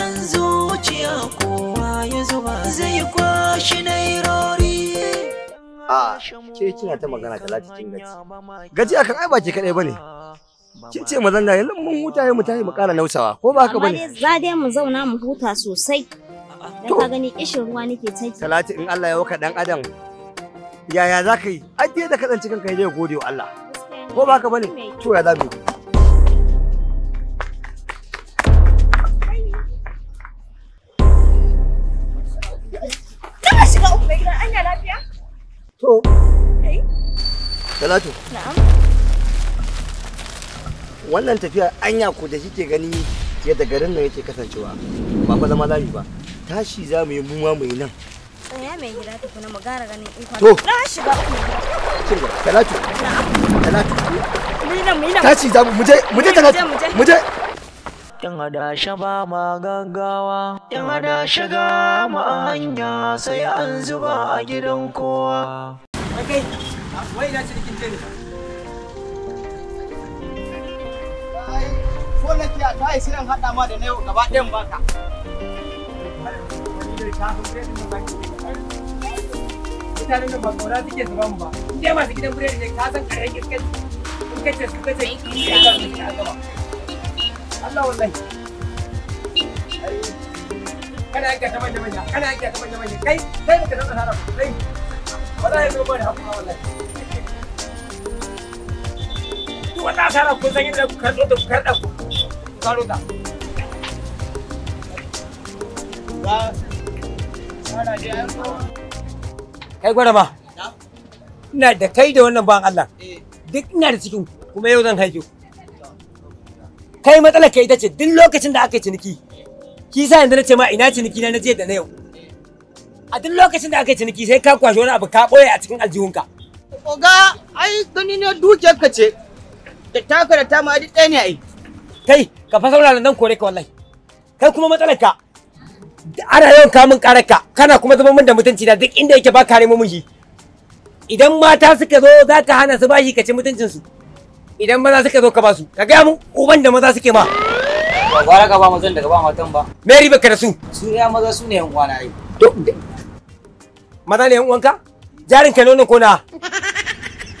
san zuciya kowa ya zuba zai kwashi nairori a ke kina ta magana talata kin gaji gaji akan ai ba ke kadai bane kin ce mazan da yanzu mun huta mu tashi mu ƙara nausawa ko ba haka bane amma za dai mu zauna mu huta sosai dan ka gani kishin ruwa nake taki talati in Allah ya waka dan adam yaya za ka yi ai da ka cikin kai zai gode wa Allah ko ba haka bane to ya za To. Talatu. Wannan tafiya anya ko da kike gani yadda garin nan yake kasancewa ba fa zama zamu ba. Tashi za mu yi mu mu yi nan. Tsaya mai gida ta kuna mu ganin in To. Na ku. Talatu. Talatu. Mu yi za mu in hada shi ba ma gaggawa in hada shiga ma hanya sai an zuba a gidan kowa kai ah, wai na cikin jini ko na kiya ta yi sinan haɗa ma da na yau gaba ɗayan baka mutanen nan ba kauna suke su bamu ba in masu gidan biredi ne ka san kare kirkir in kace su kace su yi a gaba Allah wallahi kana yake ta manya manya kana yake ta manya manya kai kai baka ba kai wallahi zo wallahi wata san ku karɗo da ku karɗa ku karo ta kai gwada ma ina da kai da wannan ban Allah eh. duk ina da cikin kuma yau zan haife kai matsalar ka ita ce duk lokacin da aka yi ciniki ki sa yanzu na ce ma ina ciniki na na jiya da na yau a duk lokacin da aka yi ciniki sai ka kwashe wani abu ka boye a cikin aljihunka oga ai gani ne dukiyar ka ce da taka da tama duk ɗaya ne ai kai ka fa saurara nan kore ka wallahi kai kuma matsalar ka ana yawan kamun karar ka kana kuma zama min da mutunci da duk inda yake ba kare mu shi idan mata suka zo za ka hana su bashi ka ci mutuncinsu. su idan maza suka zo ka ba su ka gaya mun uban da maza suke ma ba gwara ka ba mazan da ka ba matan ba me riba ka da su su ya maza su ne yan uwana ai maza ne yan uwanka jarin ka nonon ko na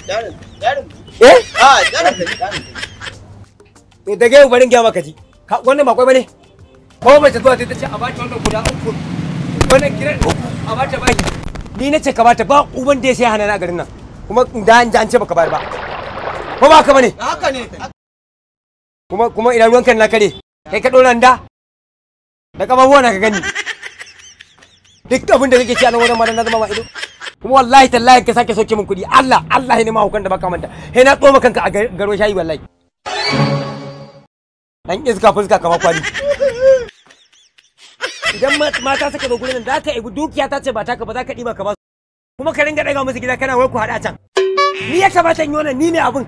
jarin jarin eh ah jarin ka jarin to da gaya barin gaya maka ji wannan ba kwai bane ko mace zuwa ta ce a bata wannan guda uku wannan kiran uku a ba baki ni na ce ka bata ba uban da ya sai hana na garin nan kuma da an ce baka bari ba ko ba haka bane haka ne kuma kuma ina ruwanka na kare kai ka dora da da kafafuwa na ka gani duk abin da kake ci a wurin madan na zama ma ido kuma wallahi tallahi ka sake soke min kuɗi Allah Allah ne ma hukan da baka manta he na tsoma kanka a garo shayi wallahi dan iska fuska kamar kwari idan mata suka zo gurin za ka ibi dukiya ta ce ba ta ka ba za ka dima ka ba kuma ka ringa daga musu gida kana wai ku haɗa can ni ya kamata in yi wannan ni ne abin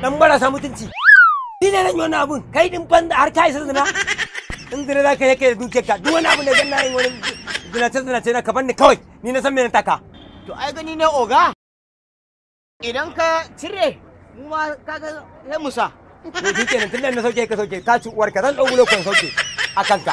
dan marasa mutunci ni ne zan yi abun kai din banda har ka isa zina in zina za ka yi kai da dukiyarka duk wani abu da zan na yi wani zinace zinace na ka banni kawai ni na san me na taka to ai gani ne oga idan ka cire mu ma ga sai musa to shi kenan tunda na sauke ka sauke ka ci uwarka zan dau lokacin sauke a kanka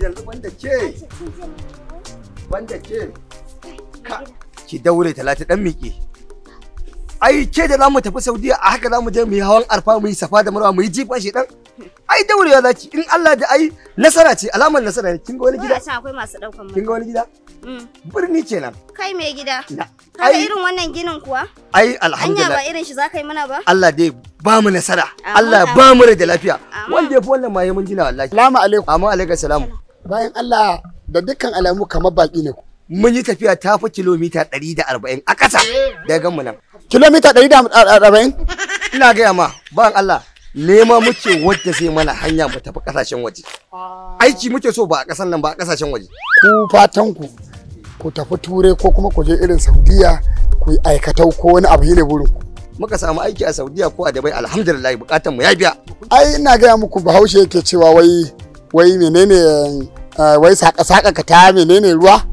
yanzu banda ce banda ce ka ki daure talata dan miƙe ai ke da zamu tafi saudiya a haka zamu je mu yi hawan arfa mu yi safa da marwa mu yi jifa shi dan ai daurewa zaki in Allah da ai nasara ce alamar nasara ne kin ga wani gida akwai masu daukan mu kin ga wani gida mm. birni nan kai mai gida kaga irin wannan ginin kuwa ai alhamdulillah anya ba irin shi za ka yi mana ba Allah dai ba mu nasara Allah ba mu da lafiya wanda ya fi wannan ma mun jina wallahi salamu alaikum amma alaikum salamu bayan Allah da dukkan alamu kamar baki ne ku mun yi tafiya ta fi kilomita 140 a ƙasa daga mu nan kilomita 140 ina gaya ma bayan Allah nema muke wadda zai mana hanya mu tafi kasashen waje aiki muke so ba a kasan nan ba a kasashen waje ku fatan ku ku tafi ture ko kuma ku je irin saudiya ku yi aikatau ko wani abu ne burin ku muka samu aiki a saudiya ko a dabai alhamdulillah bukatan mu ya biya ai ina gaya muku bahaushe yake cewa wai wai menene eh, wai saka-saka ka ta menene ruwa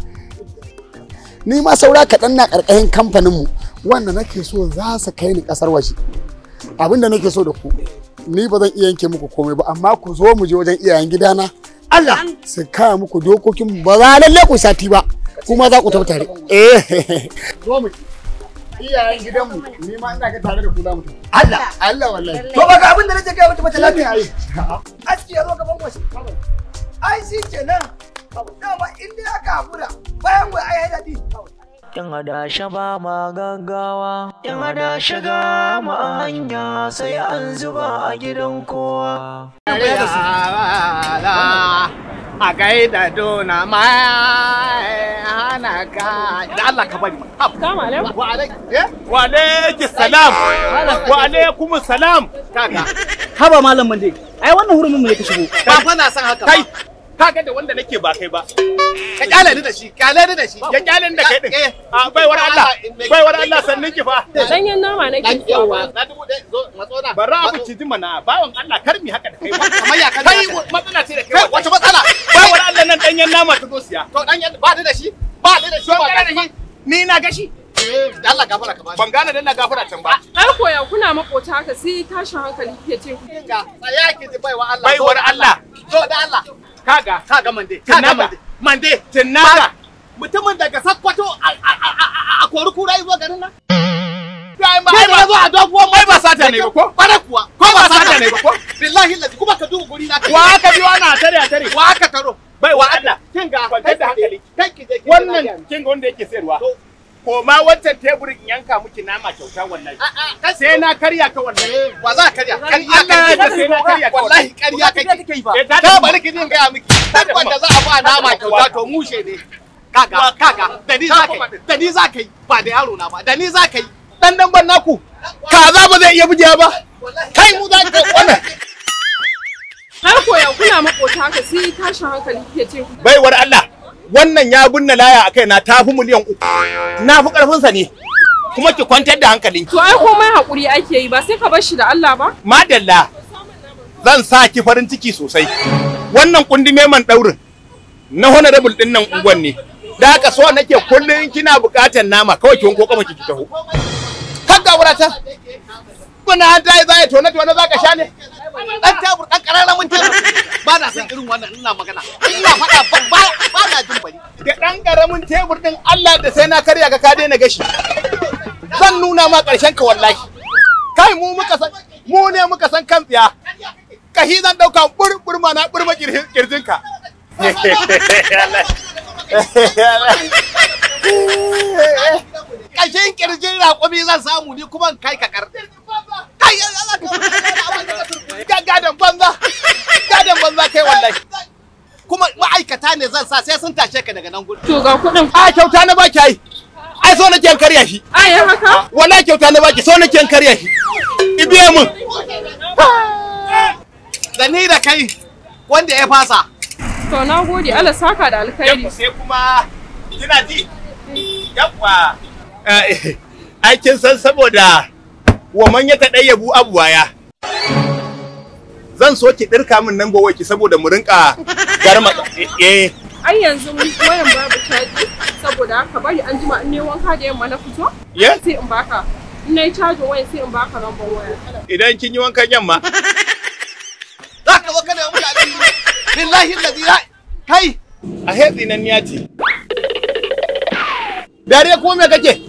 ni ma saura kaɗan na kamfanin mu wanda nake so za su kai ni kasar waje abinda nake so da ku ni ba zan iya yanke muku komai ba amma ku zo mu je wajen iyayen gidana Allah su kaya muku dokokin ba za lalle ku sati ba kuma za ku tafi tare eh zo mu iyayen gidanmu ni ma ina ka tare da ku za mu tafi Allah Allah wallahi to baka abin da nake kai wata mace lafiya ai aski ya zo gaban kwashi ai shi kenan dama in dai aka hakura bayan wai ai hadadi Yan adashe ba ma gaggawa, yan adashe ga ma hanya sai an zuba a gidan kowa. A gaida dona ma hana ka, da Allah Assalamu alaikum. Wa alaikum. Eh? Wa salam. Wa alaikum Kaka. Haba malam Ai wannan hurumin mu ne shigo. Ba fa na san haka. Kai. Kaga da wanda nake ba kai ba. Ka kyale ni da shi, kyale da shi. Ya kyale ni da kai din. Eh. A ah, war Allah. war Allah eh, sannin ki fa. nama nake. yawa. Na dubu dai zo matso na. Bara abu ci dima na. Bawon Allah karmi haka da kai ba. Kamar ya kan. Kai matsala ce da kai. Wace matsala? war Allah nan danyen nama ta zo siya. To danyen ba da shi. Ba da shi ba da shi. Ni na gashi. Eh, Allah gafara ka ba. Ban gane dan na gafara can ba. Ai ya kuna makota haka sai tashin hankali kike ce Ga, y'a tsaya ki ji baiwa Allah. Baiwar Allah. To da Allah. Kaga, kaga mande. Kaga mande. Mande. Tinnaga. Mutumin daga Sakkwato a kori kura zuwa garin nan. kayan zo a doguwar mai ba sata ne ba ko kware kuwa ko ba sata ne ba ko kuma ka wa a wa ma wancan teburin yanka miki nama kyauta wallahi sai na karya ka wallahi ba eh, za ka karya karya ka sai na karya ka wallahi karya kake eh, ta bari ki din ga miki tabbata za a ba nama kyauta to mushe ne kaga kaga da ni za ka yi ba da yaro na ba da ni za ka yi dan dangon naku kaza ba zai iya bujewa ba kai mu za ka wannan har koya kuna makota haka sai tashin hankali kike ce baiwar Allah wannan ya binne laya akai na tafi fi miliyan uku na fi sa ne kuma ki kwantar da hankalin to ai komai hakuri ake yi ba sai ka bar shi da Allah ba madalla zan sa ki farin ciki sosai wannan kundi meman daurin na honorable din nan ungwan ne da ka so nake kullun kina bukatar nama kawai ki wanko kama ki taho jagora ta kuna an tayi zai tone tone zaka sha ne dan tabur dan kararra mun tabur ba na san irin wannan ina magana ina faɗa ba ba na jin bari da dan karamin tebur din Allah da sai na karya ga ka daina gashi zan nuna ma karshen ka wallahi kai mu muka san mu ne muka san kan tsiya kahi zan dauka ma na burma kirjin ka Allah Cikin kirjin raƙumi zan samu ni kuma kai ka kar. Kai ya za ka gadan banza. Gadan banza kai wallahi. Kuma ma'aikata ne zan sa sai sun tashe ka daga nan gudu. To ga kuɗin. A kyauta na baki ai. Ai so nake karya shi. Ai haka. Wallahi kyauta na baki so nake karya shi. Ibiye mun. Da ni da kai wanda ya fasa. To na gode Allah saka da alkhairi. Yau sai kuma kina ji? Yawwa. aikin san saboda wa man ya taɗayyabu abu ya. Zan so ki ɗirka min nan gowa ki saboda mu rinka garma eh. Ai yanzu wayan babu caji saboda haka bari an jima in ne wanka da yamma na fito. Ya? Sai in baka. In na yi caji wayan sai in baka lambar waya. Idan kin yi wankan yamma. Za ka zo kana mun abin billahi allazi ya kai. A hetsi nan ya ce. Dare ko me kake?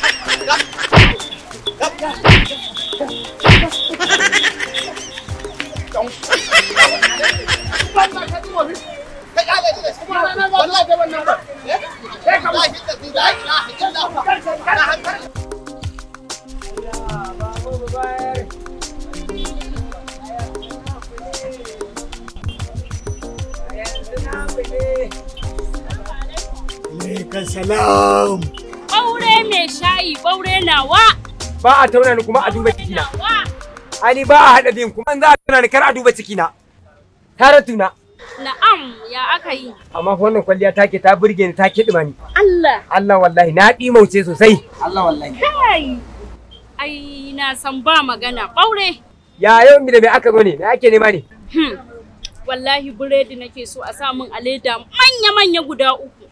ba a tauna ni kuma a duba cikina ani ba a haɗa bin kuma za a tauna ni kar a duba cikina tare tuna na'am ya aka yi amma wannan kwalliya take ta burge ni ta kiɗima ni Allah Allah wallahi na mauce sosai Allah wallahi kai ai na san ba magana ɓaure ya yau mi da me aka zo ne me ake nema ne hmm. wallahi buredi nake so a samun a leda manya manya guda uku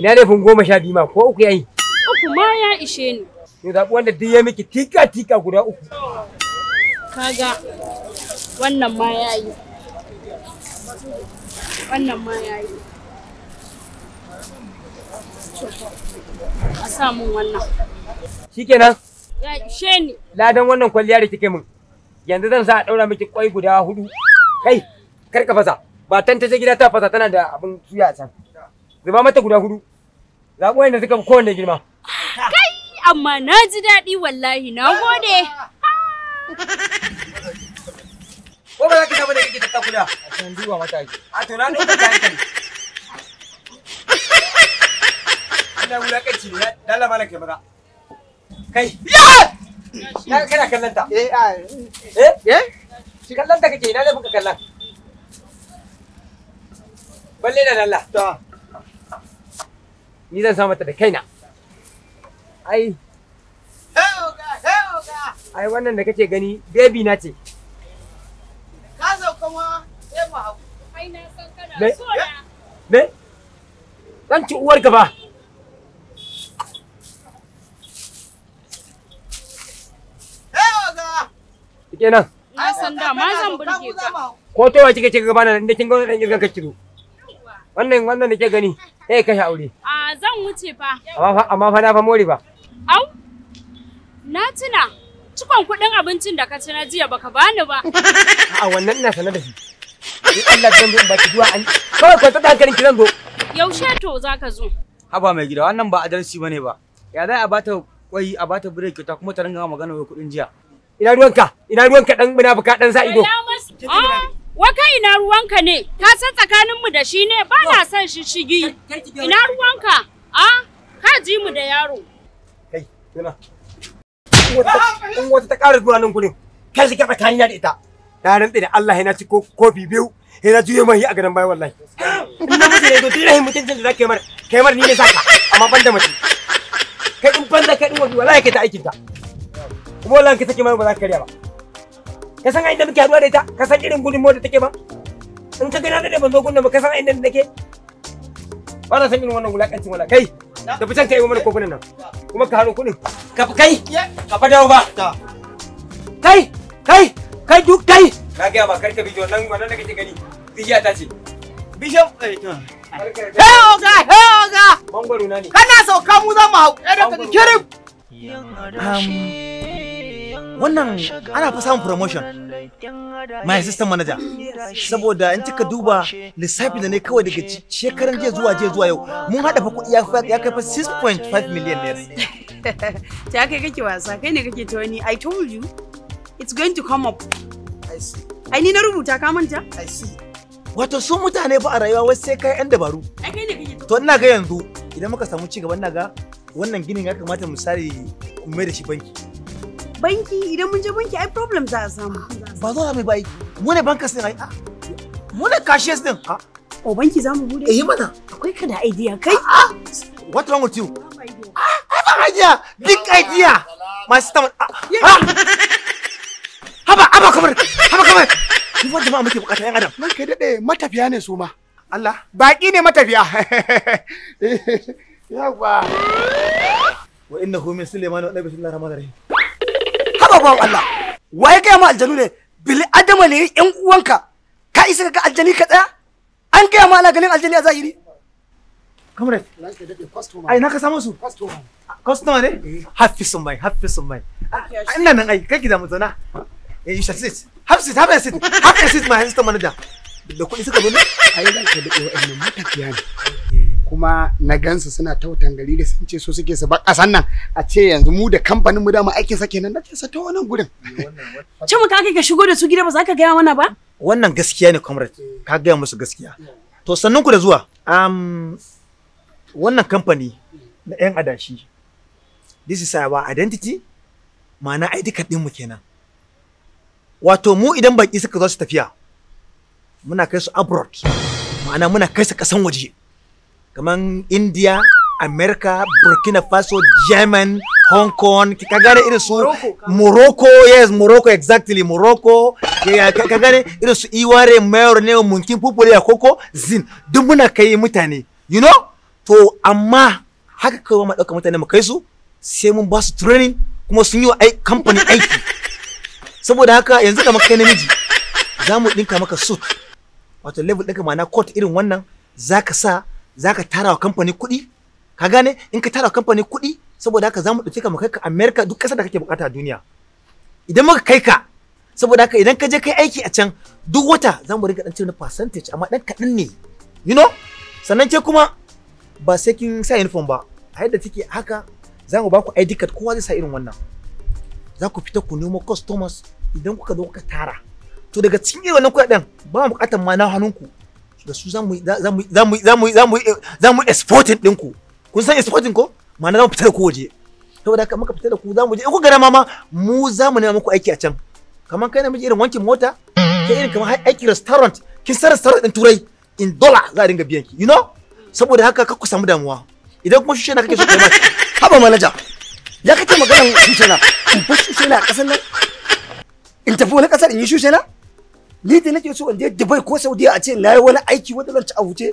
ina laifin goma sha biyu ma ko uku yayi uku ma ya ishe ni Ki zaɓi wanda duk ya miki tika tika guda uku. Kaga wannan ma ya yi. Wannan ma ya yi. A sa mun wannan. Shikenan. She ni. Ladan wannan kwalliya da kike min. Yanzu zan sa a ɗaura miki kwai guda hudu. Kai, kar ka fasa. Batan ta je gida ta fasa tana da abin suya a can. Zuba mata guda hudu. Zaɓi wanda suka fi kowanne girma. amma na ji daɗi wallahi na gode. Ko ba za ki saba kike tatta kuda? A duba A to na ɗauka dala mana ke maza. Kai. Ya! Kana kallon ta. Eh, eh. Eh? Shi kallon ta kake, ina kallon. Balle da Ni zan sa mata da kaina. ai ai wannan da kake gani baby na ce ka kuma sai mu ai na san kana so na me dan ci uwar ka ba kenan na san da ma zan burge ka ko to wace kike gaba na da kin ga irgan wannan da gani eh aure a zan wuce fa amma fa more ba Au, na tuna cikon kuɗin abincin da ka ci na jiya baka bani ba. A wannan ina sanar da shi. Ni Allah zan zo in baki duwa an kawai kwanta da hankalin ki zan zo. Yaushe to za ka zo? Haba mai gida wannan ba adalci bane ba. Ya za a bata kwai a bata break ta kuma ta ringa magana wai kuɗin jiya. Ina ruwanka? Ina ruwanka dan muna baka? dan sa ido. Ah! Waka ina ruwanka ne? Ka san tsakanin mu da shi ne ba na son shi shigi. Ina ruwanka? A ah! ka ji mu da yaro. Ina. In wata ta ƙara zuwa nan gurin, kai shi gaba kanina da ita. Na rantsi da Allah yana ci kofi biyu, yana juyo mahi a garin baya wallahi. Ina na ne to tun rahin mutuncin da za ka yi mara, ka yi mara ni ne saka, amma ban da mace. Kai in banza kai in wabi wallahi kai ta aikin ta. Kuma wallahi kai take mara ba za ka karya ba. Ka san inda muke haɗuwa da ita, ka san irin gudunmawar da take ba. In ka gana da ban zo gudunmawar, ka san inda nake. Ba na san irin wannan wulaƙancin wala kai. da fitan kai mana kokunan nan kuma ka haro kudin ka kai ka fa dawo ba kai kai kai duk kai na gaya ma kar ka bi wannan wannan da ke gani biya ta ce bishan eh hey oga hey oga mangwaro na ne kana sauka mu za mu da ɗaya daga kirim wannan ana fa samun promotion my assistant manager saboda in kika duba lissafi da ne kawai daga shekaran jiya zuwa jiya zuwa yau mun hada fa kuɗi ya kai fa 6.5 million naira ta kai kake wasa kai ne kake ta wani i told you it's going to come up i see ai ni na rubuta ka manta i see wato su mutane ba a rayuwa wasu sai kai yan dabaru ai kai ne kake to ina ga yanzu idan muka samu ci gaba ina ga wannan ginin ya kamata misali mu mai da shi banki banki idan mun je banki ai problem za a samu ba zo mai bai mu ne bankas din ai ah. mu ne cashiers din ah. o oh, banki za mu bude eh mana akwai ka da idea kai ah, what wrong with you ai ba idea big idea my stomach haba haba kamar haba kamar mu wanda ma muke bukata yan adam nan kai dade matafiya ne su ma Allah baki ne matafiya yawa wa innahu min sulaiman wa nabiyyi sallallahu alaihi wasallam ababen Allah wa ya gaya ma aljanu ne bil adama ne yan uwanka ka isa ka aljani ka tsaya an gaya ma ana ganin aljani a zahiri comrade ai na ka samu su customer ne hafi sun mai hafi sun mai ina nan ai kai gida mu zauna eh you should sit have sit have sit have a sit my assistant manager da kuɗi suka zo ne ai da ka da wa'annan matafiya ne kuma na gansu suna tautan gari da sun ce so suke su bar kasan nan a ce yanzu mu da kamfanin mu da mu aikin sake kenan na ce sa ta eh, wannan gudun ce mu ka kai ka shigo da su gida ba za ka gaya mana ba wannan gaskiya ne comrade eh. ka gaya musu gaskiya to sannan ku da zuwa um wannan kamfani na yan adashi this is our identity ma'ana ID card din mu kenan wato mu idan baki suka zo su tafiya muna kai su abroad ma'ana muna kai su kasan waje kamar India, America, Burkina Faso, German, Hong Kong, ki kagare irin su Morocco, yes, Morocco exactly, Morocco, ka irin su Iware, Mayor ne, Munkin ya koko Zin, duk muna kai mutane, you know? To, amma haka kawai ma ɗauka mutane mu kai su, sai mun ba su training kuma sun yi wa kamfanin aiki. Saboda haka yanzu kamar kai namiji, za mu ɗinka maka suit, wato level ɗinka ma'ana court irin wannan, za ka sa za ka tara wa kamfani kuɗi ka gane in ka tara wa kamfani kuɗi saboda haka za mu ɗauke ka mu kai ka amerika duk ƙasar da kake bukata a duniya idan muka kai ka saboda haka idan ka je kai aiki a can duk wata za mu riga ɗan cire na percentage amma ɗan kaɗan ne you know sannan ke kuma ba sai kin sa uniform ba a yadda take haka za mu ba ku ID card kowa zai sa irin wannan za ku fita ku nemo customers idan kuka zo kuka tara to daga cikin irin wannan kuɗaɗen ba mu buƙatar ma na hannunku da su za mu za mu za exporting ɗinku kun san exporting ko ma'ana za mu fita da ku waje saboda haka muka fita da ku za mu je in ku gara ma mu za mu nema muku aiki a can kamar kai namiji irin wankin mota kai irin kamar aiki restaurant kin san restaurant din turai in dollar za a dinga biyan ki you know saboda haka kakku samu damuwa idan kuma shushe na kake so kai mata haba manaja ya kace maganar shushe na in fi shushe na a ƙasar nan in tafi wani ƙasar in yi shushe na ni da nake so in je Dubai ko saudi a ce na yi wani aiki wanda zan ci a wuce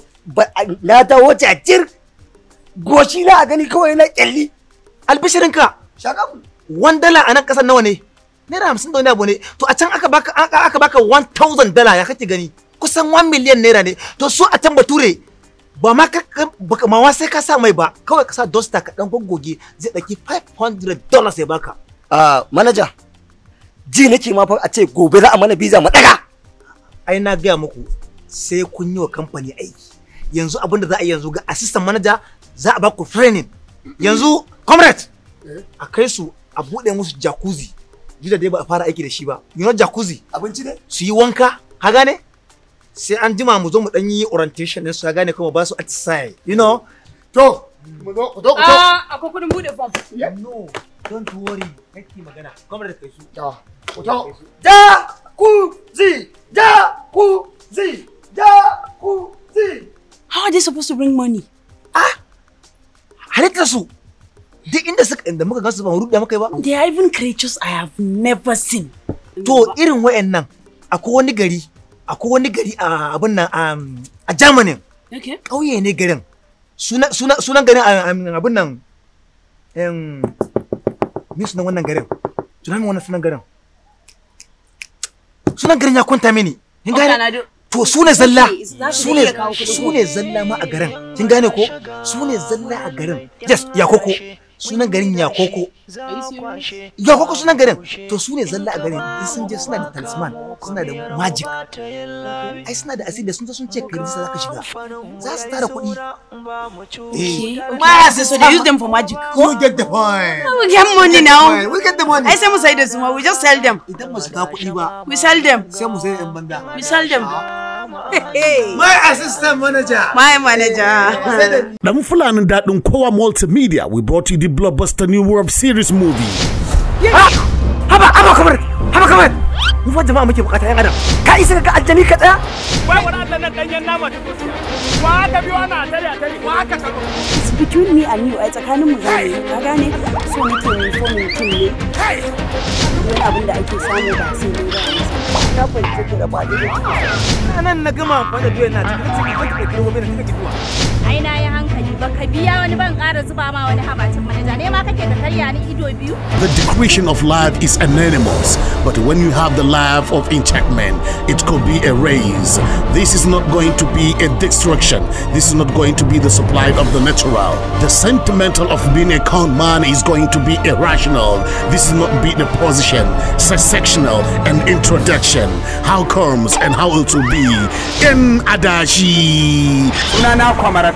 na dawo jajir goshi na a gani kawai na kyalli albishirinka shaka wan dala a nan kasar nawa ne naira hamsin da wani abu ne to a can aka baka aka baka thousand dala ya kake gani kusan one miliyan naira ne to so a can bature ba ma ka baka ma sai ka sa mai ba kawai ka sa dosta ka dan goggoge zai daki 500 dollars ya baka a ah, manaja ji nake ma fa a ce gobe za a mana biza mu daga ai na gaya muku sai kun yi wa kamfani aiki yanzu abin da za a yi yanzu ga assistant manager za a baku training yanzu comrade eh? a kai su a buɗe musu jacuzzi duk dai ba a fara aiki da shi ba you know jacuzzi abinci ne su yi wanka ka gane sai an jima mu zo mu dan yi orientation din su ka gane kuma ba su exercise you know to mu zo ku zo ku ah akwai kudin bude form no don't worry kake magana comrade kai su to to da ku zi da ku zi da ku zi. How are they supposed to bring money? Ah, halitta su. Duk inda suka inda muka gansu ban rubuta muka ba. They are even creatures I have never seen. To irin wayannan akwai wani gari akwai wani gari a abin nan um, a Germany. Okay. Ƙauye ne garin. Sunan sunan garin um, um, abin nan. Em, me sunan wannan garin? Tunanin wannan sunan garin. sunan garin ya kwanta mini kin gane to su ne zalla su ne su ne zalla ma a garin kin gane ko su ne zalla a garin yes ya koko sunan garin yakoko yakoko sunan garin to su ne zalla a garin in sun je suna da talisman suna da magic ai suna da asiri da sun sun ce kai za zaka shiga za su tara kuɗi ma sai eh. so they use them for magic we get the point we get money now we get the money ai sai mu sai da su ma we just sell them idan ba su ga kuɗi ba we sell them sai mu sai da yan banda we sell them ah. My assistant manager. My manager. Dan Fulani daɗin kowa multimedia we brought you the blockbuster new world series movie. Haba haba kamar haba kamar. Mu fa jama'a muke bukata yan adam. Ka isa ka ga aljani ka tsaya? Wai wani Allah nan danyen nama duk. Wa ka biyo ana tare tare. Wa ka ka. It's between me and you ai eh, tsakanin mu zai. Ka gane? So muke mu so mutum ne. Wani abin da ake samu ba sai ne ba. na fahimce ki da ba daidai ki. Nan na gama amfani da doya na cikin ciki ko ki ɗauki robobi na ai na yi hankali ba ka biya wani ban ƙara zuba ma wani habacin manaja ne ma kake karya ni ido biyu the dictation of life is anonymous but when you have the life of enchantment it could be a raise this is not going to be a destruction this is not going to be the supply of the natural the sentimental of being a con man is going to be irrational this is not being a position sectional and introduction how comes and how it will be in adashi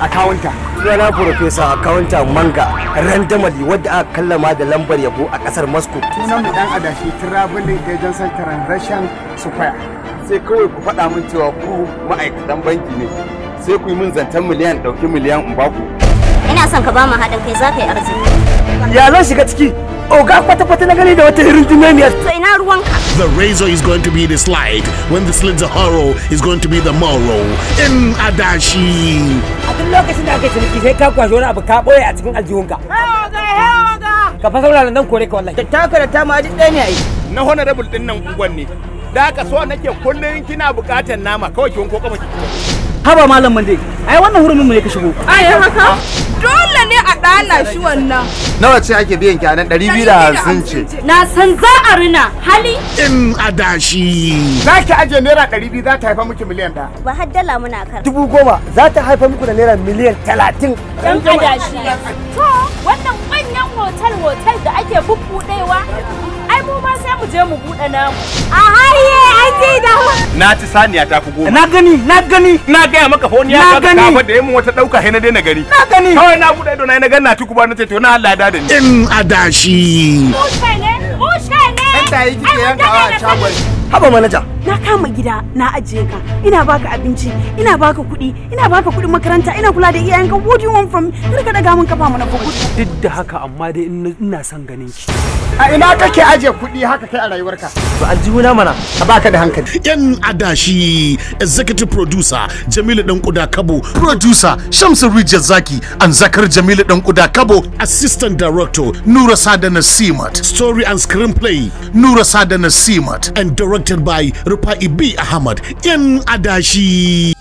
kawunta. sunana profesa kawunta manga Ran damali wadda aka kallama da lambar yabo a kasar moscow Tunan mu dan adashi traveling agency transaction square sai kawai ku faɗa min cewa ku ma'aikatan banki ne sai ku yi min zantan miliyan ɗauki miliyan in baku ina son ka ba mu haɗin kai za ka yi arziki ya zan shiga ciki Oga kwata-kwata na gani da wata irin dinamiya. To ina ruwanka. The razor is going to be the slide when the slit horror is going to be the morrow in Adashi. A duk lokacin da ake ciniki sai ka kwashe wani abu ka boye a cikin aljihunka. Ka fasa saurara nan kore ka wallahi. Da taka da ta ma duk ɗaya ne yi. Na honorable din nan unguwan ne. Da haka so nake kullum kina buƙatar nama kawai ki wanko kuma ki. haba malam mande ai wannan hurumin mu ne ka shigo ai haka dole ne a dana shi wannan nawa ce ake biyan ki anan 250 ce na san za a rina hali in adashi za ki aje naira 200 za ta haifa miki miliyan da ba har muna kar dubu goma za ta haifa muku da naira miliyan 30 dan adashi to wannan manyan hotel hotel da ake bubbudewa ai mu ma sai mu je mu buɗe namu a haye an ji da na ci saniya ta fi goma na gani na gani na gaya maka foniya ka kafa da yamin wata ɗauka na dai na gani na gani kawai na bude ido na na ganna tuku ba na ce to na Allah da ni in adashi mushe ne mushe ne dan tayi kike yankawa a shagon haba manaja na kama gida na ajiye ka ina baka abinci ina baka kuɗi ina baka kuɗin makaranta ina kula da iyayenka what do you want from me ka daga mun kafa mana kuɗi duk da haka amma dai ina son ganin ki a ina kake aje kuɗi haka kai a rayuwarka to aljihuna mana a baka da hankali yan adashi executive producer Jamilu dan kuda kabo producer Shamsu Rijal Zaki and Zakar Jamilu dan kuda kabo assistant director Nura Sadana Simat story and screenplay Nura Sadana Simat and directed by Rufa'i B. Ahmad, in adashi.